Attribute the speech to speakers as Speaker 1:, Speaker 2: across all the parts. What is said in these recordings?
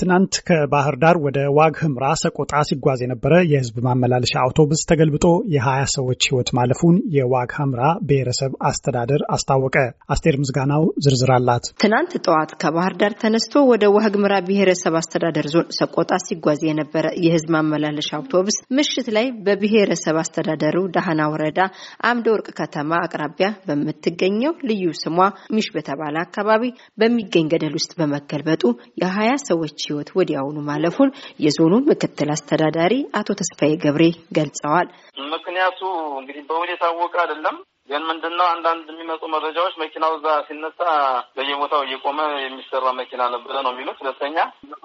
Speaker 1: ትናንት ከባህር ዳር ወደ ዋግ ህምራ ሰቆጣ ሲጓዝ የነበረ የህዝብ ማመላለሻ አውቶቡስ ተገልብጦ የ20 ሰዎች ህይወት ማለፉን የዋግ ህምራ ብሔረሰብ አስተዳደር አስታወቀ። አስቴር ምስጋናው ዝርዝር አላት።
Speaker 2: ትናንት ጠዋት ከባህር ዳር ተነስቶ ወደ ዋግ ህምራ ብሔረሰብ አስተዳደር ዞን ሰቆጣ ሲጓዝ የነበረ የህዝብ ማመላለሻ አውቶቡስ ምሽት ላይ በብሔረሰብ አስተዳደሩ ዳህና ወረዳ አምደ ወርቅ ከተማ አቅራቢያ በምትገኘው ልዩ ስሟ ሚሽ በተባለ አካባቢ በሚገኝ ገደል ውስጥ በመገልበጡ የ20 ሰዎች ህይወት ወዲያውኑ ማለፉን የዞኑ ምክትል አስተዳዳሪ አቶ ተስፋዬ ገብሬ ገልጸዋል። ምክንያቱ እንግዲህ በውል የታወቀ
Speaker 3: አይደለም። ግን ምንድነው አንዳንድ የሚመጡ መረጃዎች መኪናው እዛ ሲነሳ በየቦታው እየቆመ የሚሰራ መኪና ነበረ ነው የሚሉት። ሁለተኛ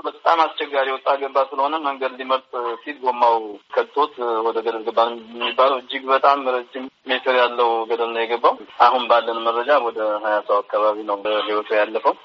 Speaker 3: በጣም አስቸጋሪ ወጣ ገባ ስለሆነ መንገድ ሊመርጥ ሲል ጎማው ከቶት ወደ ገደል ገባ የሚባለው እጅግ በጣም ረጅም ሜትር ያለው ገደል ነው የገባው። አሁን ባለን መረጃ ወደ ሀያ ሰው አካባቢ ነው ህይወቱ ያለፈው።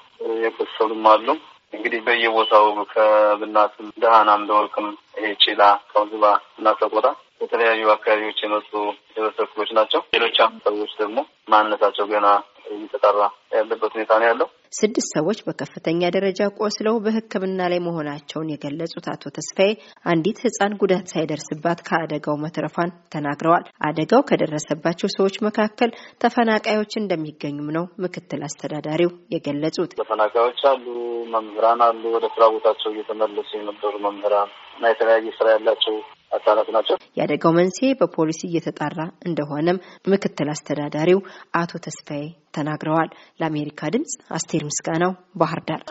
Speaker 3: የቆሰሉም አሉ። እንግዲህ በየቦታው ከብናትም ደሃናም ደወርቅም ይሄ ጭላ ከብዝባ እና ሰቆጣ የተለያዩ አካባቢዎች የመጡ ህብረተሰቦች ናቸው። ሌሎች ሰዎች ደግሞ
Speaker 2: ማንነታቸው ገና እየተጠራ ያለበት ሁኔታ ነው ያለው። ስድስት ሰዎች በከፍተኛ ደረጃ ቆስለው በሕክምና ላይ መሆናቸውን የገለጹት አቶ ተስፋዬ አንዲት ሕጻን ጉዳት ሳይደርስባት ከአደጋው መትረፏን ተናግረዋል። አደጋው ከደረሰባቸው ሰዎች መካከል ተፈናቃዮች እንደሚገኙም ነው ምክትል አስተዳዳሪው የገለጹት።
Speaker 3: ተፈናቃዮች አሉ፣ መምህራን አሉ፣ ወደ ስራ ቦታቸው እየተመለሱ የነበሩ መምህራን እና የተለያየ ስራ ያላቸው አስራ
Speaker 2: ናቸው። የአደጋው መንስኤ በፖሊሲ እየተጣራ እንደሆነም ምክትል አስተዳዳሪው አቶ ተስፋዬ ተናግረዋል። ለአሜሪካ ድምጽ አስቴር ምስጋናው ባህር ዳር